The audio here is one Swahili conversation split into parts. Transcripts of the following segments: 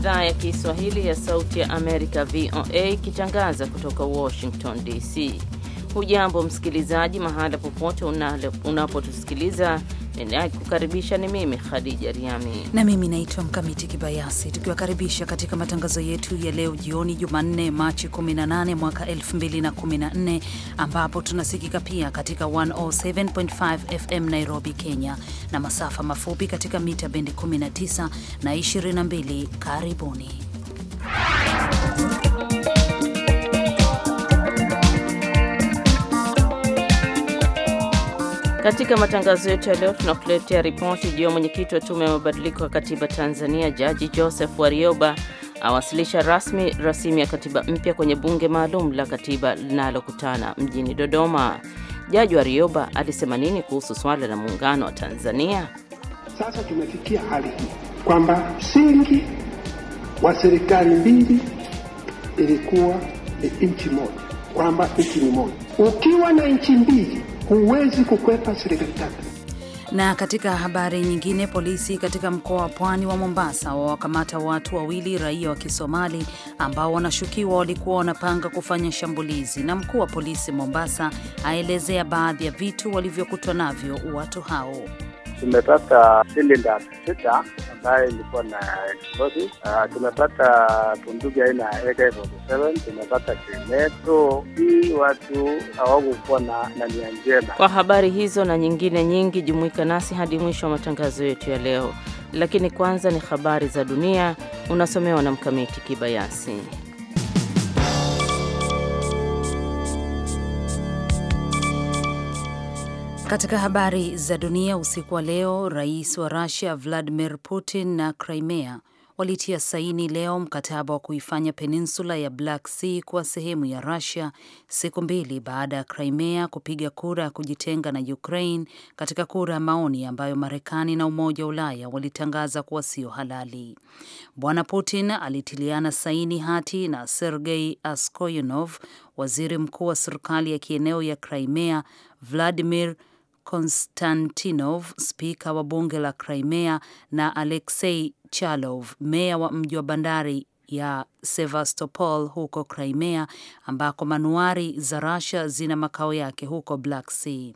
idhaa ya Kiswahili ya Sauti ya Amerika, VOA, ikitangaza kutoka Washington DC. Hujambo msikilizaji, mahala popote unapotusikiliza. Ninakukaribisha ni mimi Khadija Riami na mimi naitwa Mkamiti Kibayasi, tukiwakaribisha katika matangazo yetu ya leo jioni, Jumanne Machi 18 mwaka 2014, ambapo tunasikika pia katika 107.5 FM Nairobi, Kenya, na masafa mafupi katika mita bendi 19 na 22. Karibuni. Katika matangazo yetu ya leo tunakuletea ripoti juu ya mwenyekiti wa tume ya mabadiliko ya katiba Tanzania, Jaji Joseph Warioba awasilisha rasmi rasimu ya katiba mpya kwenye bunge maalum la katiba linalokutana mjini Dodoma. Jaji Warioba alisema nini kuhusu swala la muungano wa Tanzania? Sasa tumefikia hali hii kwamba msingi wa serikali mbili ilikuwa ni nchi moja, kwamba nchi ni moja. Ukiwa na nchi mbili huwezi kukwepa serikali tatu. Na katika habari nyingine, polisi katika mkoa wa pwani wa Mombasa wawakamata watu wawili raia wa Kisomali ambao wanashukiwa walikuwa wanapanga kufanya shambulizi, na mkuu wa polisi Mombasa aelezea baadhi ya vitu walivyokutwa navyo watu hao. Tumepata silinda sita ambaye ilikuwa na explosive. Uh, tumepata bunduki aina ya AK47, tumepata kineto. Hii watu hawakukuwa na, na nia njema. Kwa habari hizo na nyingine nyingi, jumuika nasi hadi mwisho wa matangazo yetu ya leo, lakini kwanza ni habari za dunia unasomewa na Mkamiti Kibayasi. Katika habari za dunia usiku wa leo, rais wa Rusia Vladimir Putin na Crimea walitia saini leo mkataba wa kuifanya peninsula ya Black Sea kuwa sehemu ya Rusia, siku mbili baada ya Crimea kupiga kura ya kujitenga na Ukraine katika kura ya maoni ambayo Marekani na Umoja wa Ulaya walitangaza kuwa sio halali. Bwana Putin alitiliana saini hati na Sergei Askoyunov, waziri mkuu wa serikali ya kieneo ya Crimea, Vladimir Konstantinov, spika wa bunge la Crimea, na Alexei Chalov, meya wa mji wa bandari ya Sevastopol huko Crimea ambako manuari za Russia zina makao yake huko Black Sea.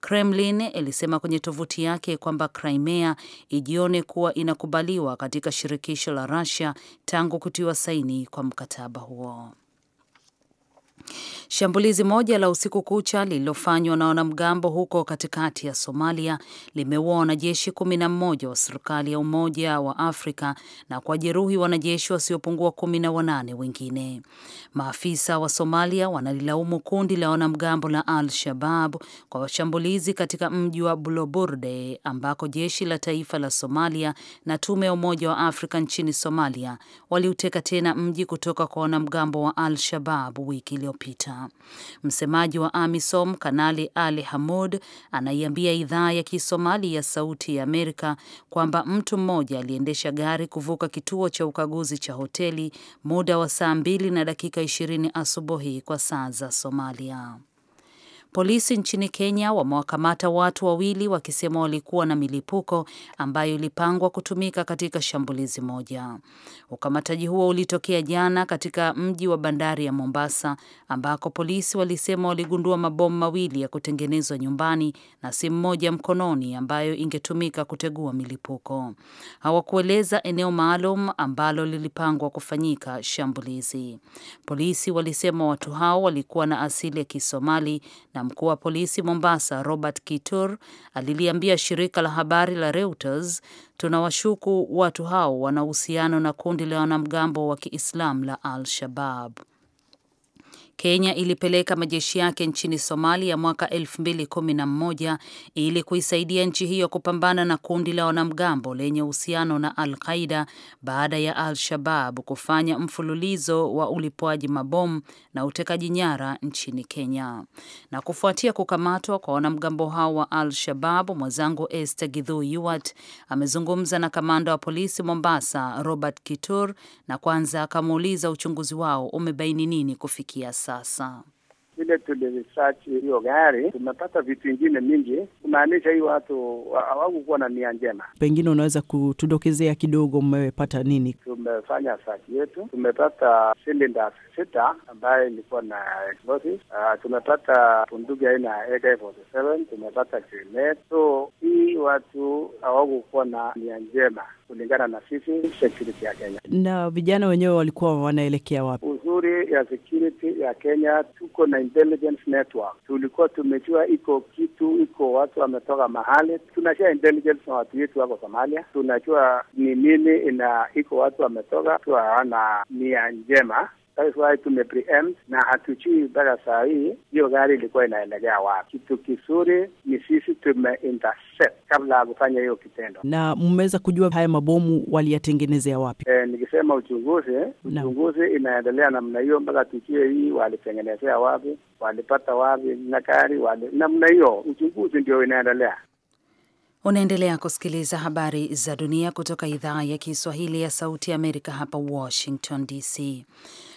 Kremlin ilisema kwenye tovuti yake kwamba Crimea ijione kuwa inakubaliwa katika shirikisho la Russia tangu kutiwa saini kwa mkataba huo. Shambulizi moja la usiku kucha lililofanywa na wanamgambo huko katikati ya Somalia limeua wanajeshi kumi na mmoja wa serikali ya Umoja wa Afrika na kuwajeruhi wanajeshi wasiopungua kumi na wanane wengine. Maafisa wa Somalia wanalilaumu kundi la wanamgambo la Al Shabab kwa washambulizi katika mji wa Buloburde ambako jeshi la taifa la Somalia na tume ya Umoja wa Afrika nchini Somalia waliuteka tena mji kutoka kwa wanamgambo wa Al Shabab wiki iliyo uliopita. Msemaji wa AMISOM Kanali Ali Hamud anaiambia idhaa ya Kisomali ya Sauti ya Amerika kwamba mtu mmoja aliendesha gari kuvuka kituo cha ukaguzi cha hoteli muda wa saa mbili na dakika ishirini asubuhi kwa saa za Somalia. Polisi nchini Kenya wamewakamata watu wawili wakisema walikuwa na milipuko ambayo ilipangwa kutumika katika shambulizi moja. Ukamataji huo ulitokea jana katika mji wa bandari ya Mombasa, ambako polisi walisema waligundua mabomu mawili ya kutengenezwa nyumbani na simu moja mkononi ambayo ingetumika kutegua milipuko. Hawakueleza eneo maalum ambalo lilipangwa kufanyika shambulizi. Polisi walisema watu hao walikuwa na asili ya Kisomali na mkuu wa polisi Mombasa, Robert Kitur, aliliambia shirika la habari la Reuters, tunawashuku watu hao wana uhusiano na kundi la wanamgambo wa Kiislamu la Al-Shabab. Kenya ilipeleka majeshi yake nchini Somalia mwaka 2011 ili kuisaidia nchi hiyo kupambana na kundi la wanamgambo lenye uhusiano na Al Qaida baada ya Al Shabab kufanya mfululizo wa ulipuaji mabomu na utekaji nyara nchini Kenya. Na kufuatia kukamatwa kwa wanamgambo hao wa Al Shabab, mwenzangu Esther Gidhu yuat amezungumza na kamanda wa polisi Mombasa, Robert Kitur, na kwanza akamuuliza uchunguzi wao umebaini nini kufikia sasa sasa? Vile tuliresearch hiyo gari tumepata vitu vingine mingi, kumaanisha hii watu hawakukuwa na nia njema. Pengine unaweza kutudokezea kidogo, mmewepata nini? Tumefanya search yetu, tumepata cylinders sita ambaye ilikuwa na explosive. Uh, ah, tumepata bunduki aina ya AK47, tumepata grenade. So hii watu hawakukuwa na nia njema kulingana na sisi security ya Kenya. Na vijana wenyewe walikuwa wanaelekea wapi? Uzuri ya security ya Kenya, tuko na intelligence network. Tulikuwa tumejua iko kitu, iko watu wametoka mahali, tunashare intelligence na watu wetu wako Somalia. Tunajua ni nini ina, iko watu wametoka tu hawana nia njema is why preempt na hatujui mpaka saa hii hiyo gari ilikuwa inaendelea wapi. Kitu kizuri ni sisi intercept kabla ya kufanya hiyo kitendo. Na mmeweza kujua haya mabomu waliyatengenezea wapi? E, nikisema uchunguzi, uchunguzi inaendelea namna hiyo mpaka tujue hii walitengenezea wapi, walipata wapi na gari wali, namna hiyo uchunguzi ndio inaendelea. Unaendelea kusikiliza habari za dunia kutoka idhaa ya Kiswahili ya Sauti ya Amerika hapa Washington DC.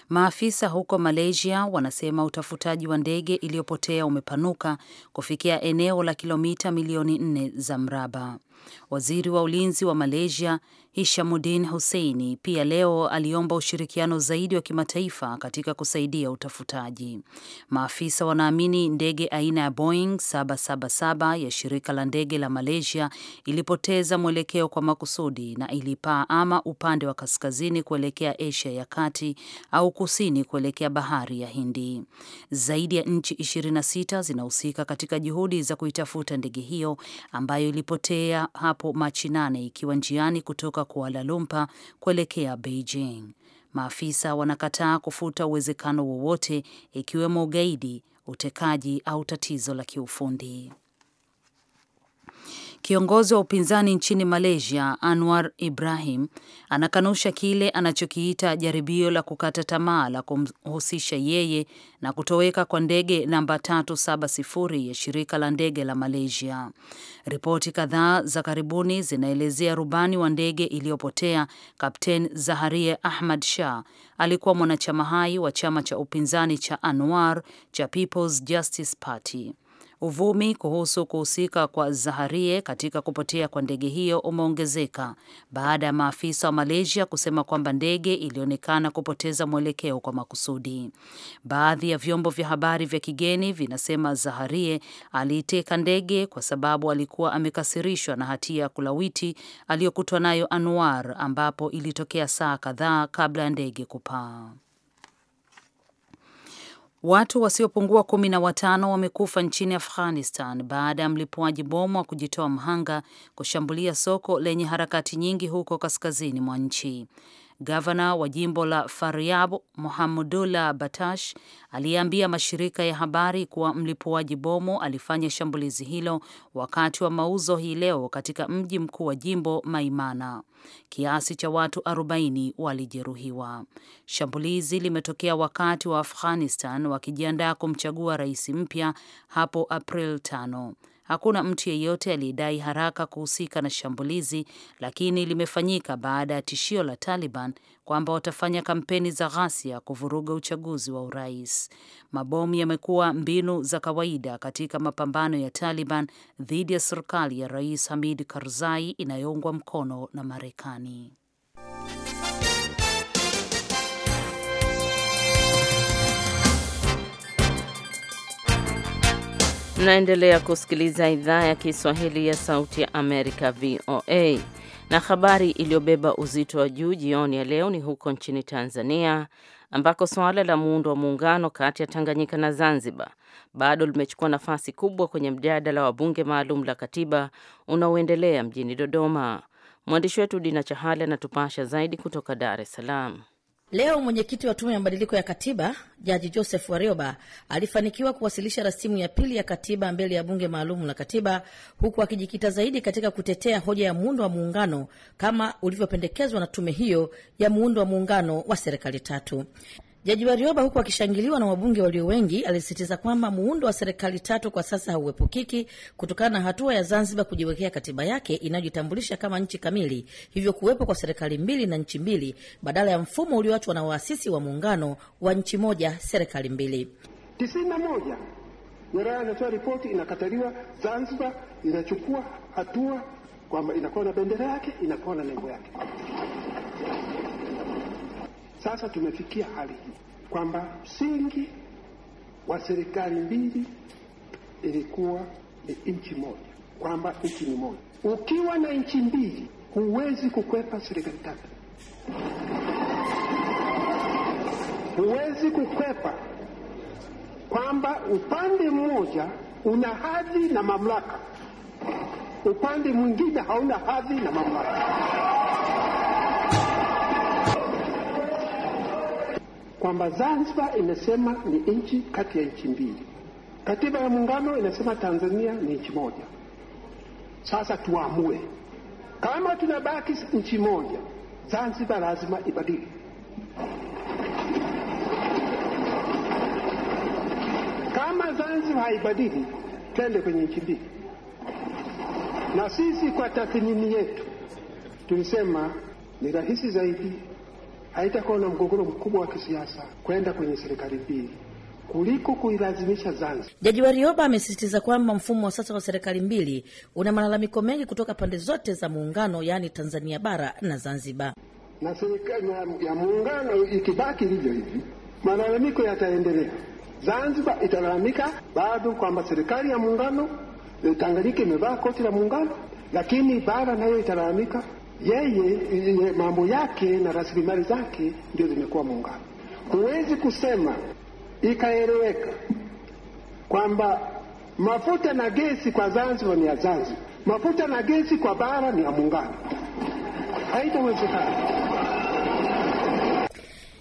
Maafisa huko Malaysia wanasema utafutaji wa ndege iliyopotea umepanuka kufikia eneo la kilomita milioni nne za mraba. Waziri wa ulinzi wa Malaysia Hishamuddin Husseini pia leo aliomba ushirikiano zaidi wa kimataifa katika kusaidia utafutaji. Maafisa wanaamini ndege aina ya Boeing 777 ya shirika la ndege la Malaysia ilipoteza mwelekeo kwa makusudi na ilipaa ama upande wa kaskazini kuelekea Asia ya kati au kusini kuelekea bahari ya Hindi. Zaidi ya nchi 26 zinahusika katika juhudi za kuitafuta ndege hiyo ambayo ilipotea hapo Machi nane ikiwa njiani kutoka Kuala Lumpur kuelekea Beijing. Maafisa wanakataa kufuta uwezekano wowote ikiwemo ugaidi, utekaji au tatizo la kiufundi. Kiongozi wa upinzani nchini Malaysia, Anwar Ibrahim, anakanusha kile anachokiita jaribio la kukata tamaa la kumhusisha yeye na kutoweka kwa ndege namba 370 ya shirika la ndege la Malaysia. Ripoti kadhaa za karibuni zinaelezea rubani wa ndege iliyopotea Kapten Zaharie Ahmad Shah alikuwa mwanachama hai wa chama cha upinzani cha Anwar cha People's Justice Party. Uvumi kuhusu kuhusika kwa Zaharie katika kupotea kwa ndege hiyo umeongezeka baada ya maafisa wa Malaysia kusema kwamba ndege ilionekana kupoteza mwelekeo kwa makusudi. Baadhi ya vyombo vya habari vya kigeni vinasema Zaharie aliiteka ndege kwa sababu alikuwa amekasirishwa na hatia ya kulawiti aliyokutwa nayo Anwar, ambapo ilitokea saa kadhaa kabla ya ndege kupaa. Watu wasiopungua kumi na watano wamekufa nchini Afghanistan baada ya mlipuaji bomu wa kujitoa mhanga kushambulia soko lenye harakati nyingi huko kaskazini mwa nchi. Gavana wa jimbo la Faryab Mohamudullah Batash aliyeambia mashirika ya habari kuwa mlipuaji bomu alifanya shambulizi hilo wakati wa mauzo hii leo katika mji mkuu wa jimbo Maimana. Kiasi cha watu 40 walijeruhiwa. Shambulizi limetokea wakati wa Afghanistan wakijiandaa kumchagua rais mpya hapo April tano. Hakuna mtu yeyote aliyedai haraka kuhusika na shambulizi, lakini limefanyika baada ya tishio la Taliban kwamba watafanya kampeni za ghasia kuvuruga uchaguzi wa urais. Mabomu yamekuwa mbinu za kawaida katika mapambano ya Taliban dhidi ya serikali ya Rais Hamid Karzai inayoungwa mkono na Marekani. Mnaendelea kusikiliza idhaa ya Kiswahili ya Sauti ya Amerika, VOA. Na habari iliyobeba uzito wa juu jioni ya leo ni huko nchini Tanzania, ambako suala la muundo wa muungano kati ya Tanganyika na Zanzibar bado limechukua nafasi kubwa kwenye mjadala wa bunge maalum la katiba unaoendelea mjini Dodoma. Mwandishi wetu Dina Chahali anatupasha zaidi kutoka Dar es Salaam. Leo mwenyekiti wa tume ya mabadiliko ya katiba Jaji Joseph Warioba alifanikiwa kuwasilisha rasimu ya pili ya katiba mbele ya bunge maalum la katiba, huku akijikita zaidi katika kutetea hoja ya muundo wa muungano kama ulivyopendekezwa na tume hiyo ya muundo wa muungano wa serikali tatu. Jaji Warioba, huku akishangiliwa na wabunge walio wengi, alisisitiza kwamba muundo wa serikali tatu kwa sasa hauepukiki kutokana na hatua ya Zanzibar kujiwekea katiba yake inayojitambulisha kama nchi kamili, hivyo kuwepo kwa serikali mbili na nchi mbili badala ya mfumo ulioachwa na waasisi wa muungano wa nchi moja serikali mbili. tisini na moja wilaya anatoa ripoti inakataliwa, Zanzibar inachukua hatua kwamba inakuwa na bendera yake, inakuwa na nembo yake. Sasa tumefikia hali hii kwamba msingi wa serikali mbili ilikuwa ni nchi moja, kwamba nchi ni moja. Ukiwa na nchi mbili, huwezi kukwepa serikali tatu, huwezi kukwepa kwamba upande mmoja una hadhi na mamlaka, upande mwingine hauna hadhi na mamlaka. kwamba Zanzibar imesema ni nchi kati ya nchi mbili. Katiba ya Muungano inasema Tanzania ni nchi moja. Sasa tuamue kama tunabaki nchi moja, Zanzibar lazima ibadili. Kama Zanzibar haibadili, twende kwenye nchi mbili. Na sisi kwa tathmini yetu tulisema ni rahisi zaidi haitakuwa na mgogoro mkubwa wa kisiasa kwenda kwenye serikali mbili kuliko kuilazimisha Zanzibar. Jaji Warioba amesisitiza kwamba mfumo wa sasa wa serikali mbili una malalamiko mengi kutoka pande zote za muungano, yaani Tanzania bara na Zanzibar, na serikali ya muungano ikibaki hivyo hivi, malalamiko yataendelea. Zanzibar italalamika bado kwamba serikali ya muungano, eh, Tanganyika imevaa koti la muungano, lakini bara nayo italalamika yeye ye, mambo yake na rasilimali zake ndio zimekuwa muungano. Huwezi kusema ikaeleweka kwamba mafuta na gesi kwa Zanzibar ni ya Zanzibar, mafuta na gesi kwa bara ni ya muungano. Haitawezekana.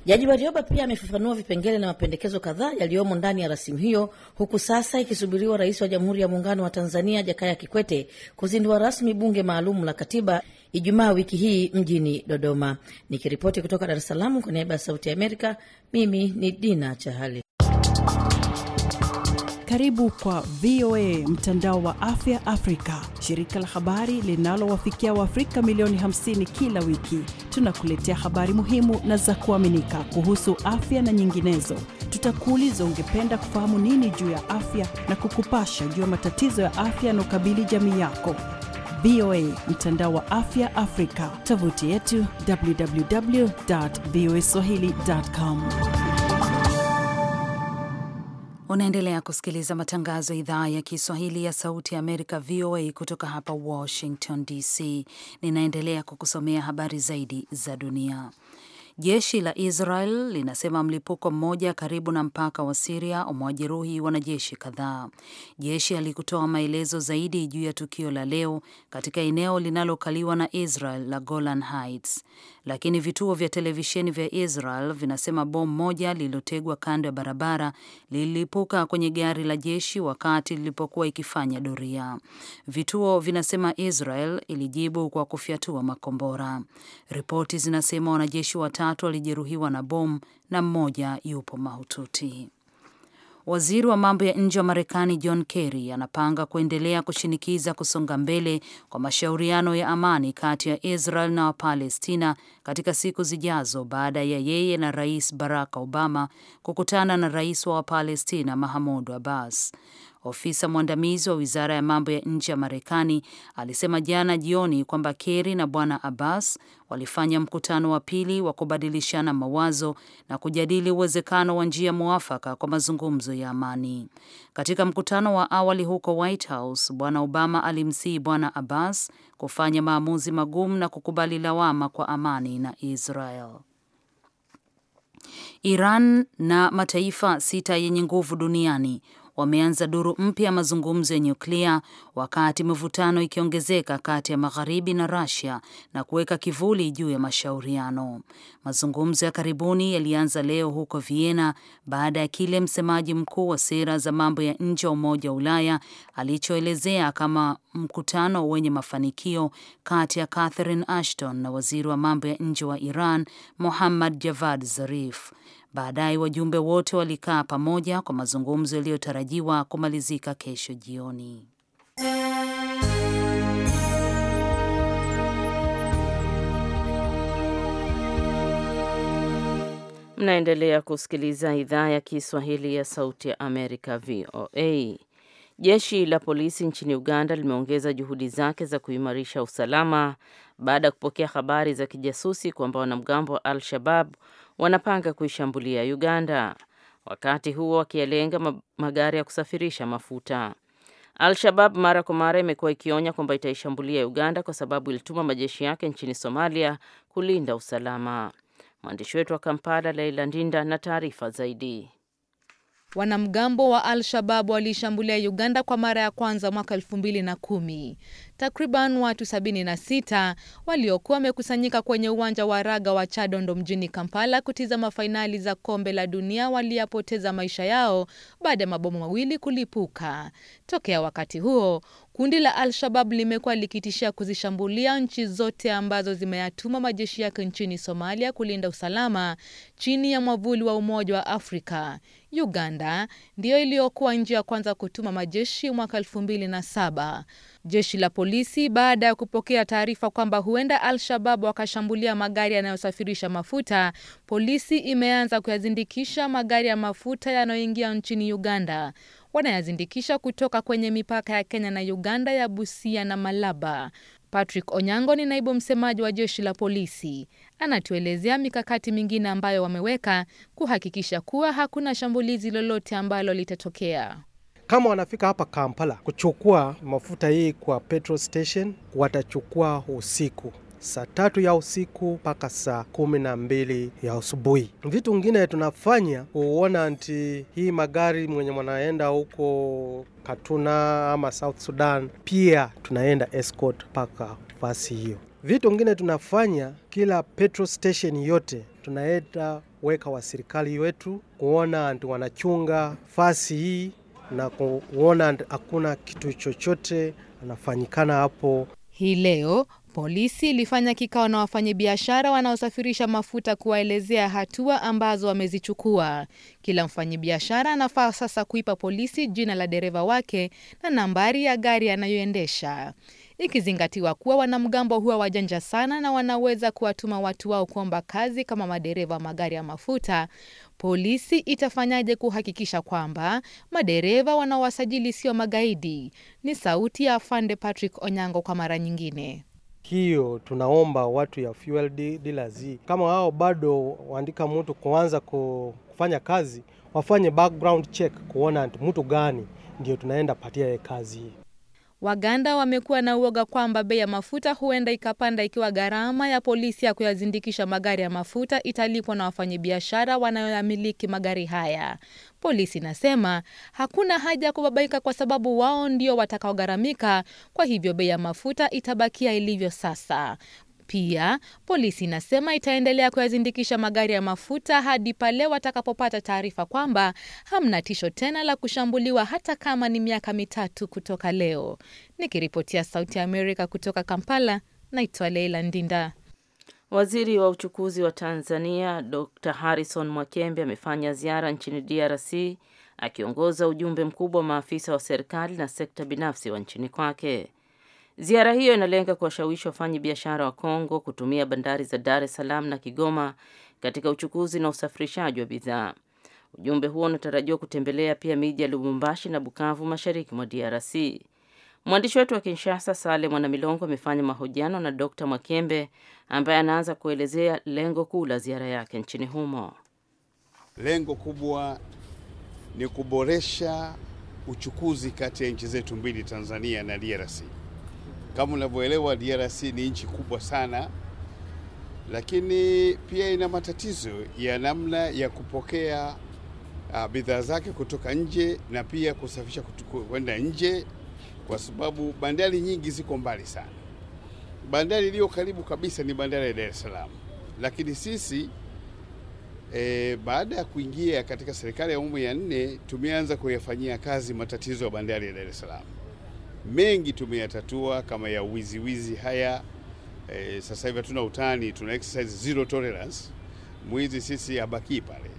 Jaji Warioba pia amefafanua vipengele na mapendekezo kadhaa yaliyomo ndani ya rasimu hiyo, huku sasa ikisubiriwa Rais wa Jamhuri ya Muungano wa Tanzania Jakaya Kikwete kuzindua rasmi bunge maalum la katiba Ijumaa wiki hii mjini Dodoma. Nikiripoti kutoka Dar es Salaam kwa niaba ya Sauti ya Amerika, mimi ni Dina Chahali. Karibu kwa VOA mtandao wa afya Afrika, shirika la habari linalowafikia Waafrika milioni 50 kila wiki. Tunakuletea habari muhimu na za kuaminika kuhusu afya na nyinginezo. Tutakuuliza, ungependa kufahamu nini juu ya afya, na kukupasha juu ya matatizo ya afya yanaokabili jamii yako. VOA, mtandao wa afya Afrika, tovuti yetu www voa swahilicom. Unaendelea kusikiliza matangazo ya idhaa ya Kiswahili ya Sauti ya Amerika, VOA, kutoka hapa Washington DC. Ninaendelea kukusomea habari zaidi za dunia. Jeshi la Israel linasema mlipuko mmoja karibu na mpaka wa Siria umewajeruhi wanajeshi kadhaa. Jeshi alikutoa maelezo zaidi juu ya tukio la leo katika eneo linalokaliwa na Israel la Golan Heights, lakini vituo vya televisheni vya Israel vinasema bomu moja lililotegwa kando ya barabara lililipuka kwenye gari la jeshi wakati lilipokuwa ikifanya doria. Vituo vinasema Israel ilijibu kwa kufyatua makombora. Ripoti zinasema wanajeshi watatu watatu walijeruhiwa na bomu na mmoja yupo mahututi. Waziri wa mambo ya nje wa Marekani John Kerry anapanga kuendelea kushinikiza kusonga mbele kwa mashauriano ya amani kati ya Israel na Wapalestina katika siku zijazo baada ya yeye na Rais Barack Obama kukutana na rais wa Wapalestina mahamud Abbas. Ofisa mwandamizi wa wizara ya mambo ya nje ya Marekani alisema jana jioni kwamba Kerry na Bwana Abbas walifanya mkutano wa pili wa kubadilishana mawazo na kujadili uwezekano wa njia mwafaka kwa mazungumzo ya amani. Katika mkutano wa awali huko White House, Bwana Obama alimsihi Bwana Abbas kufanya maamuzi magumu na kukubali lawama kwa amani na Israel. Iran na mataifa sita yenye nguvu duniani wameanza duru mpya ya mazungumzo ya nyuklia wakati mivutano ikiongezeka kati ya magharibi na Russia na kuweka kivuli juu ya mashauriano. Mazungumzo ya karibuni yalianza leo huko Vienna baada ya kile msemaji mkuu wa sera za mambo ya nje wa Umoja wa Ulaya alichoelezea kama mkutano wenye mafanikio kati ya Catherine Ashton na waziri wa mambo ya nje wa Iran muhammad Javad Zarif. Baadaye wajumbe wote walikaa pamoja kwa mazungumzo yaliyotarajiwa kumalizika kesho jioni. Mnaendelea kusikiliza idhaa ya Kiswahili ya Sauti ya Amerika, VOA. Jeshi la polisi nchini Uganda limeongeza juhudi zake za kuimarisha usalama baada ya kupokea habari za kijasusi kwamba wanamgambo wa Al-Shabab wanapanga kuishambulia Uganda, wakati huo wakiyalenga magari ya kusafirisha mafuta. Al-Shabab mara kwa mara imekuwa ikionya kwamba itaishambulia Uganda kwa sababu ilituma majeshi yake nchini Somalia kulinda usalama. Mwandishi wetu wa Kampala, Leila Ndinda, na taarifa zaidi. Wanamgambo wa al shabab waliishambulia Uganda kwa mara ya kwanza mwaka elfu mbili na kumi takriban watu 76 waliokuwa wamekusanyika kwenye uwanja wa raga wa Chadondo mjini Kampala kutizama fainali za kombe la dunia waliyapoteza maisha yao baada ya mabomu mawili kulipuka. Tokea wakati huo, kundi la Al-Shabab limekuwa likitishia kuzishambulia nchi zote ambazo zimeyatuma majeshi yake nchini Somalia kulinda usalama chini ya mwavuli wa Umoja wa Afrika. Uganda ndiyo iliyokuwa nchi ya kwanza kutuma majeshi mwaka 2007. Jeshi la polisi baada ya kupokea taarifa kwamba huenda Al-Shabab wakashambulia magari yanayosafirisha mafuta, polisi imeanza kuyazindikisha magari ya mafuta yanayoingia nchini Uganda. Wanayazindikisha kutoka kwenye mipaka ya Kenya na Uganda ya Busia na Malaba. Patrick Onyango ni naibu msemaji wa jeshi la polisi, anatuelezea mikakati mingine ambayo wameweka kuhakikisha kuwa hakuna shambulizi lolote ambalo litatokea. Kama wanafika hapa Kampala kuchukua mafuta hii kwa petrol station, watachukua usiku saa tatu ya usiku mpaka saa kumi na mbili ya asubuhi. Vitu ngine tunafanya kuona nti hii magari mwenye mwanaenda huko Katuna ama South Sudan, pia tunaenda escort mpaka fasi hiyo. Vitu ngine tunafanya kila petrol station yote tunaenda weka wa serikali wetu kuona nti wanachunga fasi hii na kuona hakuna kitu chochote anafanyikana hapo. Hii leo polisi ilifanya kikao na wafanyabiashara wanaosafirisha mafuta kuwaelezea hatua ambazo wamezichukua. Kila mfanyabiashara anafaa sasa kuipa polisi jina la dereva wake na nambari ya gari anayoendesha, ikizingatiwa kuwa wanamgambo huwa wajanja sana na wanaweza kuwatuma watu wao kuomba kazi kama madereva magari ya mafuta Polisi itafanyaje kuhakikisha kwamba madereva wanaowasajili sio magaidi? Ni sauti ya afande Patrick Onyango kwa mara nyingine. Hiyo tunaomba watu ya fuel dealers kama wao bado waandika mtu kuanza kufanya kazi, wafanye background check kuona mtu gani ndio tunaenda patia ye kazi hii. Waganda wamekuwa na uoga kwamba bei ya mafuta huenda ikapanda ikiwa gharama ya polisi ya kuyazindikisha magari ya mafuta italipwa na wafanyabiashara wanayoyamiliki magari haya. Polisi inasema hakuna haja ya kubabaika kwa sababu wao ndio watakaogharamika, kwa hivyo bei ya mafuta itabakia ilivyo sasa. Pia polisi inasema itaendelea kuyazindikisha magari ya mafuta hadi pale watakapopata taarifa kwamba hamna tisho tena la kushambuliwa hata kama ni miaka mitatu kutoka leo. Nikiripotia Sauti ya Amerika kutoka Kampala, naitwa Leila Ndinda. Waziri wa uchukuzi wa Tanzania Dr. Harrison Mwakembe amefanya ziara nchini DRC akiongoza ujumbe mkubwa wa maafisa wa serikali na sekta binafsi wa nchini kwake. Ziara hiyo inalenga kuwashawishi wafanyi biashara wa Kongo kutumia bandari za Dar es Salaam na Kigoma katika uchukuzi na usafirishaji wa bidhaa. Ujumbe huo unatarajiwa kutembelea pia miji ya Lubumbashi na Bukavu mashariki mwa DRC. Mwandishi wetu wa Kinshasa Sale Mwanamilongo amefanya mahojiano na Dr. Mwakembe ambaye anaanza kuelezea lengo kuu la ziara yake nchini humo. Lengo kubwa ni kuboresha uchukuzi kati ya nchi zetu mbili Tanzania na DRC. Kama unavyoelewa, DRC ni nchi kubwa sana, lakini pia ina matatizo ya namna ya kupokea uh, bidhaa zake kutoka nje na pia kusafisha kwenda nje, kwa sababu bandari nyingi ziko mbali sana. Bandari iliyo karibu kabisa ni bandari ya Dar es Salaam, lakini sisi E, baada ya kuingia katika serikali ya awamu ya nne tumeanza kuyafanyia kazi matatizo ya bandari ya Dar es Salaam mengi tumeyatatua, kama ya wiziwizi haya. E, sasa hivi hatuna utani, tuna exercise zero tolerance. Mwizi sisi abakii pale.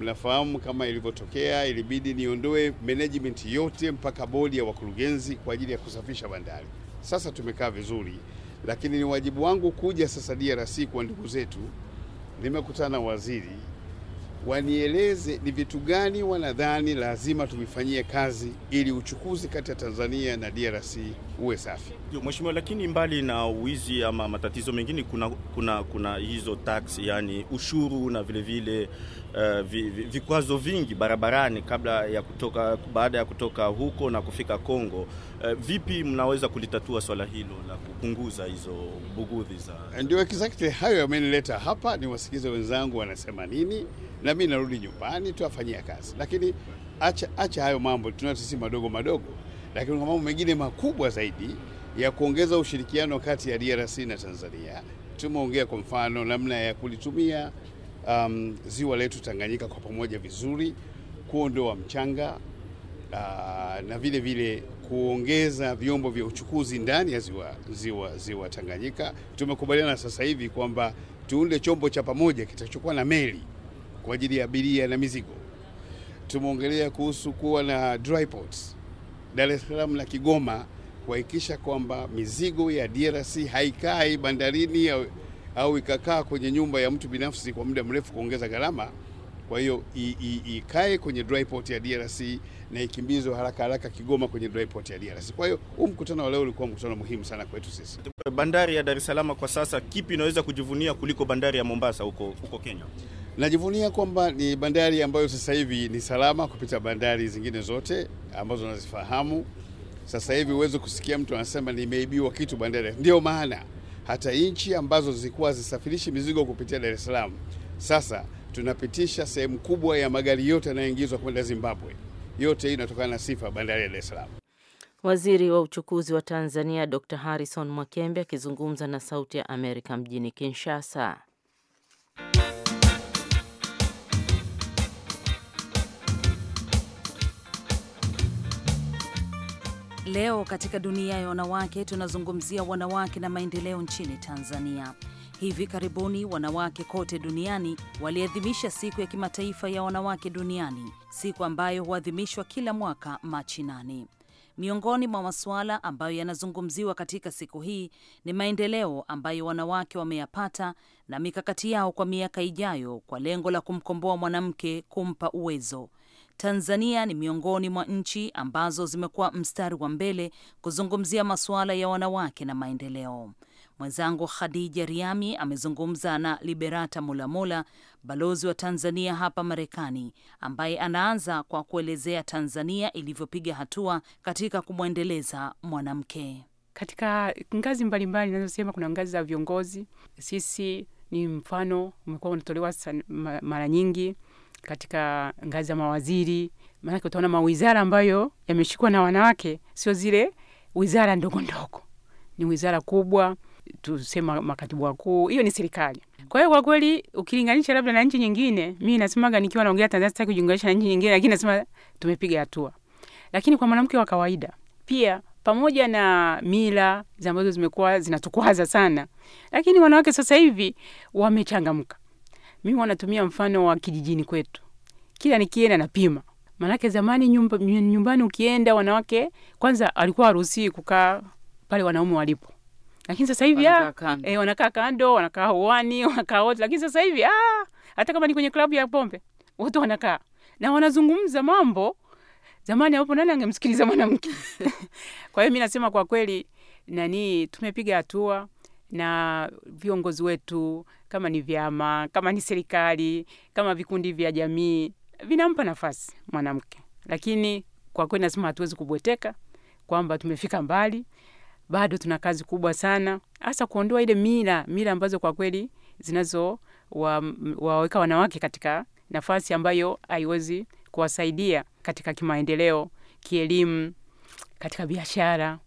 Mnafahamu kama ilivyotokea, ilibidi niondoe management yote mpaka bodi ya wakurugenzi kwa ajili ya kusafisha bandari. Sasa tumekaa vizuri, lakini ni wajibu wangu kuja sasa DRC kwa ndugu zetu. Nimekutana waziri wanieleze ni vitu gani wanadhani lazima tuvifanyie kazi ili uchukuzi kati ya Tanzania na DRC uwe safi. Mheshimiwa, lakini mbali na uwizi ama matatizo mengine kuna, kuna, kuna hizo tax yani ushuru na vilevile vile, uh, vi, vi, vikwazo vingi barabarani kabla ya kutoka, baada ya kutoka huko na kufika Kongo. Uh, vipi mnaweza kulitatua swala hilo la kupunguza hizo bugudhi za... Ndio exactly hayo yamenileta hapa ni wasikize wenzangu wanasema nini na mimi narudi nyumbani tuafanyia kazi, lakini acha, acha hayo mambo tunayo sisi madogo madogo, lakini kwa mambo mengine makubwa zaidi ya kuongeza ushirikiano kati ya DRC na Tanzania tumeongea kwa mfano namna ya kulitumia um, ziwa letu Tanganyika kwa pamoja vizuri, kuondoa mchanga uh, na vile vile kuongeza vyombo vya uchukuzi ndani ya ziwa, ziwa, ziwa Tanganyika. Tumekubaliana sasa hivi kwamba tuunde chombo cha pamoja kitachokuwa na meli kwa ajili ya abiria na mizigo. Tumeongelea kuhusu kuwa na dry ports Dar es Salaam na Kigoma, kuhakikisha kwamba mizigo ya DRC haikai bandarini au, au ikakaa kwenye nyumba ya mtu binafsi kwa muda mrefu kuongeza gharama. Kwa hiyo ikae kwenye dry port ya DRC na ikimbizwe haraka haraka Kigoma kwenye dry port ya DRC. Kwa hiyo huu mkutano wa leo ulikuwa mkutano muhimu sana kwetu sisi. Bandari ya Dar es Salaam kwa sasa, kipi inaweza kujivunia kuliko bandari ya Mombasa huko huko Kenya? Najivunia kwamba ni bandari ambayo sasa hivi ni salama kupita bandari zingine zote ambazo nazifahamu. Sasa hivi huwezi kusikia mtu anasema nimeibiwa kitu bandari. ndio maana hata nchi ambazo zilikuwa zisafirishi mizigo kupitia Dar es Salaam, sasa tunapitisha sehemu kubwa ya magari yote yanayoingizwa kwenda Zimbabwe. Yote hii inatokana na sifa bandari ya Dar es Salaam. Waziri wa uchukuzi wa Tanzania Dr. Harrison Mwakembe akizungumza na Sauti ya Amerika mjini Kinshasa. Leo katika dunia ya wanawake tunazungumzia wanawake na maendeleo nchini Tanzania. Hivi karibuni wanawake kote duniani waliadhimisha siku ya kimataifa ya wanawake duniani, siku ambayo huadhimishwa kila mwaka Machi nane. Miongoni mwa masuala ambayo yanazungumziwa katika siku hii ni maendeleo ambayo wanawake wameyapata na mikakati yao kwa miaka ijayo kwa lengo la kumkomboa mwanamke, kumpa uwezo Tanzania ni miongoni mwa nchi ambazo zimekuwa mstari wa mbele kuzungumzia masuala ya wanawake na maendeleo. Mwenzangu Khadija Riami amezungumza na Liberata Mulamula, balozi wa Tanzania hapa Marekani, ambaye anaanza kwa kuelezea Tanzania ilivyopiga hatua katika kumwendeleza mwanamke katika ngazi mbalimbali. Inazosema kuna ngazi za viongozi, sisi ni mfano umekuwa unatolewa mara nyingi katika ngazi ya mawaziri, maanake utaona mawizara ambayo yameshikwa na wanawake sio zile wizara ndogo ndogo, ni wizara kubwa, tusema makatibu wakuu, hiyo ni serikali. Kwa hiyo kwa kweli ukilinganisha labda na nchi nyingine, mi nasemaga nikiwa naongea Tanzania, sitaki kujiunganisha na nchi nyingine, lakini nasema tumepiga hatua. Lakini kwa mwanamke wa kawaida pia, pamoja na mila ambazo zimekuwa zinatukwaza sana, lakini wanawake sasa hivi wamechangamka mimi wanatumia mfano wa kijijini kwetu, kila nikienda napima. manake zamani nyumba, nyumbani ukienda wanawake kwanza alikuwa haruhusiwi kukaa pale wanaume walipo, lakini sasa hivi wanakaa e, wanakaa kando, wanakaa uani, wanakaa wote. Lakini sasa hivi ah, hata kama ni kwenye klabu ya pombe wote wanakaa na wanazungumza mambo zamani ambapo nani angemsikiliza mwanamke? Kwa hiyo mi nasema kwa kweli, nanii tumepiga hatua na viongozi wetu, kama ni vyama, kama ni serikali, kama vikundi vya jamii, vinampa nafasi mwanamke. Lakini kwa kweli nasema hatuwezi kubweteka kwamba tumefika mbali, bado tuna kazi kubwa sana, hasa kuondoa ile mila mila ambazo kwa kweli zinazo waweka wa wanawake katika nafasi ambayo haiwezi kuwasaidia katika kimaendeleo, kielimu, katika biashara.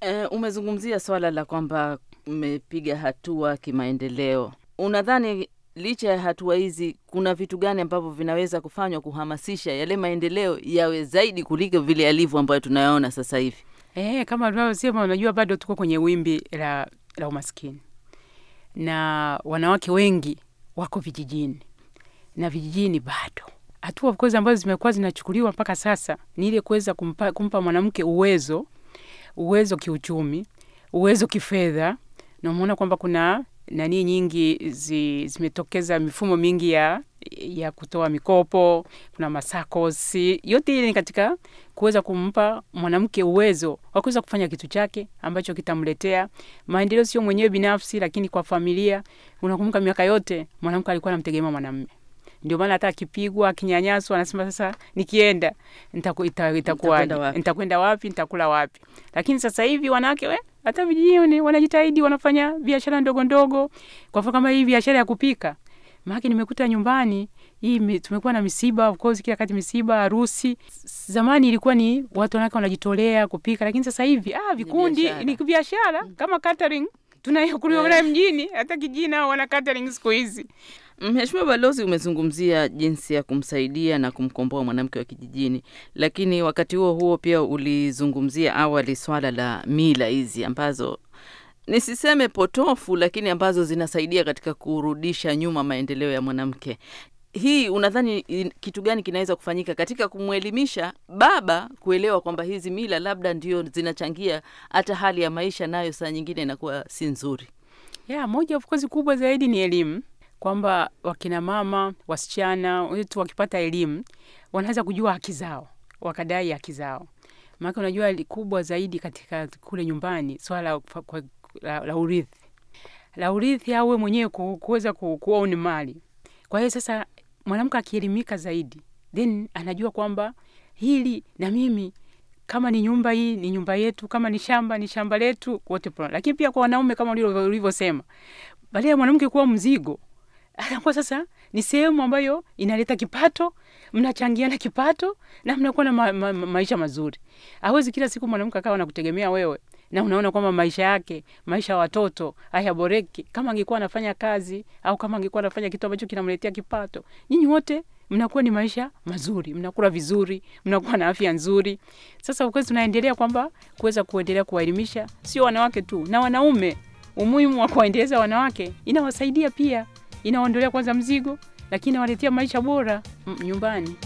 e, umezungumzia swala la kwamba mmepiga hatua kimaendeleo, unadhani licha ya hatua hizi kuna vitu gani ambavyo vinaweza kufanywa kuhamasisha yale maendeleo yawe zaidi kuliko vile yalivyo ambayo tunayaona sasa hivi? E, kama tunavyosema, unajua bado tuko kwenye wimbi la, la umaskini na wanawake wengi wako vijijini na vijijini bado hatua kozi ambazo zimekuwa zinachukuliwa mpaka sasa ni ile kuweza kumpa, kumpa mwanamke uwezo uwezo kiuchumi, uwezo kifedha na umeona kwamba kuna nani nyingi zi, zimetokeza mifumo mingi ya, ya kutoa mikopo, kuna masakosi. Yote ili ni katika kuweza kumpa mwanamke uwezo wa kuweza kufanya kitu chake ambacho kitamletea maendeleo, sio mwenyewe binafsi, lakini kwa familia. Unakumbuka miaka yote mwanamke alikuwa anamtegemea mwanamume ndio maana hata akipigwa akinyanyaswa, anasema sasa, nikienda itakuwaje? Nitakwenda wapi? Nitakula wapi? Lakini sasa hivi wanawake we hata vijijini wanajitahidi, wanafanya biashara ndogo ndogo, kwa mfano kama hii biashara ya kupika maake nimekuta nyumbani hii tumekuwa na misiba of course, kila kati misiba, harusi. Zamani ilikuwa ni watu wanawake wanajitolea kupika, lakini sasa hivi ah, vikundi ni biashara kama catering tunayokuliona eh. mjini, hata kijina wana catering siku hizi. Mm, Mheshimiwa Balozi, umezungumzia jinsi ya kumsaidia na kumkomboa mwanamke wa kijijini, lakini wakati huo huo pia ulizungumzia awali swala la mila hizi ambazo nisiseme potofu, lakini ambazo zinasaidia katika kurudisha nyuma maendeleo ya mwanamke. Hii unadhani kitu gani kinaweza kufanyika katika kumwelimisha baba kuelewa kwamba hizi mila labda ndio zinachangia hata hali ya maisha nayo saa nyingine inakuwa si nzuri? Yeah, moja of course kubwa zaidi ni elimu kwamba wakina mama wasichana wetu wakipata elimu wanaweza kujua haki zao, wakadai haki zao. maake unajua kubwa zaidi katika kule nyumbani swala la, la, la urithi la urithi awe mwenyewe kuweza kuwa ni mali. Kwa hiyo sasa mwanamke akielimika zaidi, then anajua kwamba hili na mimi kama ni nyumba hii ni nyumba yetu, kama ni shamba ni shamba letu wote. Lakini pia kwa wanaume kama ulivyosema, baada ya mwanamke kuwa mzigo anakuwa sasa ni sehemu ambayo inaleta kipato, mnachangiana kipato na mnakuwa na ma, ma, ma, maisha mazuri. awezi kila siku mwanamke akawa nakutegemea wewe na unaona kwamba maisha yake, maisha ya watoto ayaboreki Kama angekuwa anafanya kazi au kama angekuwa anafanya kitu ambacho kinamletea kipato, nyinyi wote mnakuwa ni maisha mazuri, mnakula vizuri, mnakuwa na afya nzuri. Sasa ukwezi tunaendelea kwamba kuweza kuendelea kuwaelimisha sio wanawake tu na wanaume. Umuhimu wa kuwaendeleza wanawake inawasaidia pia inaondolea kwanza mzigo, lakini inawaletea maisha bora nyumbani.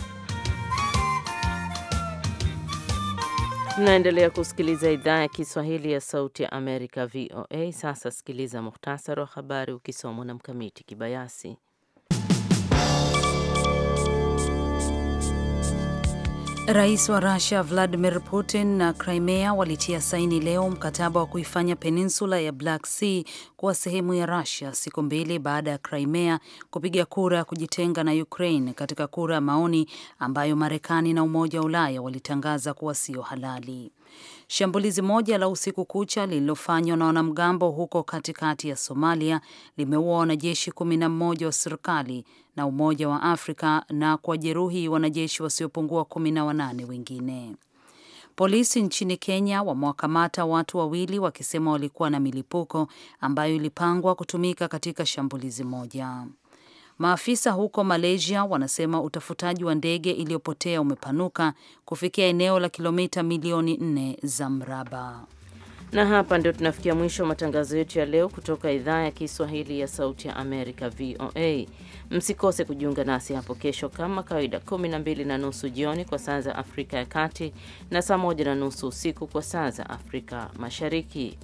Tunaendelea kusikiliza idhaa ya Kiswahili ya Sauti ya Amerika, VOA. Sasa sikiliza muhtasari wa habari ukisomwa na Mkamiti Kibayasi. Rais wa Rusia Vladimir Putin na Crimea walitia saini leo mkataba wa kuifanya peninsula ya Black Sea kuwa sehemu ya Rusia, siku mbili baada ya Crimea kupiga kura ya kujitenga na Ukraine katika kura ya maoni ambayo Marekani na Umoja wa Ulaya walitangaza kuwa sio halali. Shambulizi moja la usiku kucha lililofanywa na wanamgambo huko katikati ya Somalia limeua wanajeshi kumi na mmoja wa serikali na Umoja wa Afrika na kuwajeruhi wanajeshi wasiopungua kumi na wanane wengine. Polisi nchini Kenya wamewakamata watu wawili wakisema walikuwa na milipuko ambayo ilipangwa kutumika katika shambulizi moja. Maafisa huko Malaysia wanasema utafutaji wa ndege iliyopotea umepanuka kufikia eneo la kilomita milioni nne za mraba. Na hapa ndio tunafikia mwisho wa matangazo yetu ya leo kutoka idhaa ya Kiswahili ya Sauti ya Amerika, VOA. Msikose kujiunga nasi hapo kesho kama kawaida, 12 na nusu jioni kwa saa za Afrika ya Kati na saa 1 na nusu usiku kwa saa za Afrika Mashariki.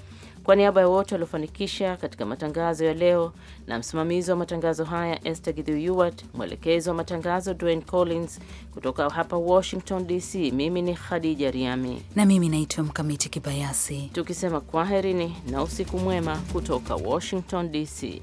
Kwa niaba ya wote waliofanikisha katika matangazo ya leo na msimamizi wa matangazo haya Esther Githyuwat, mwelekezi wa matangazo Dwayne Collins, kutoka hapa Washington DC, mimi ni Khadija Riami na mimi naitwa Mkamiti Kibayasi, tukisema kwaherini na usiku mwema kutoka Washington DC.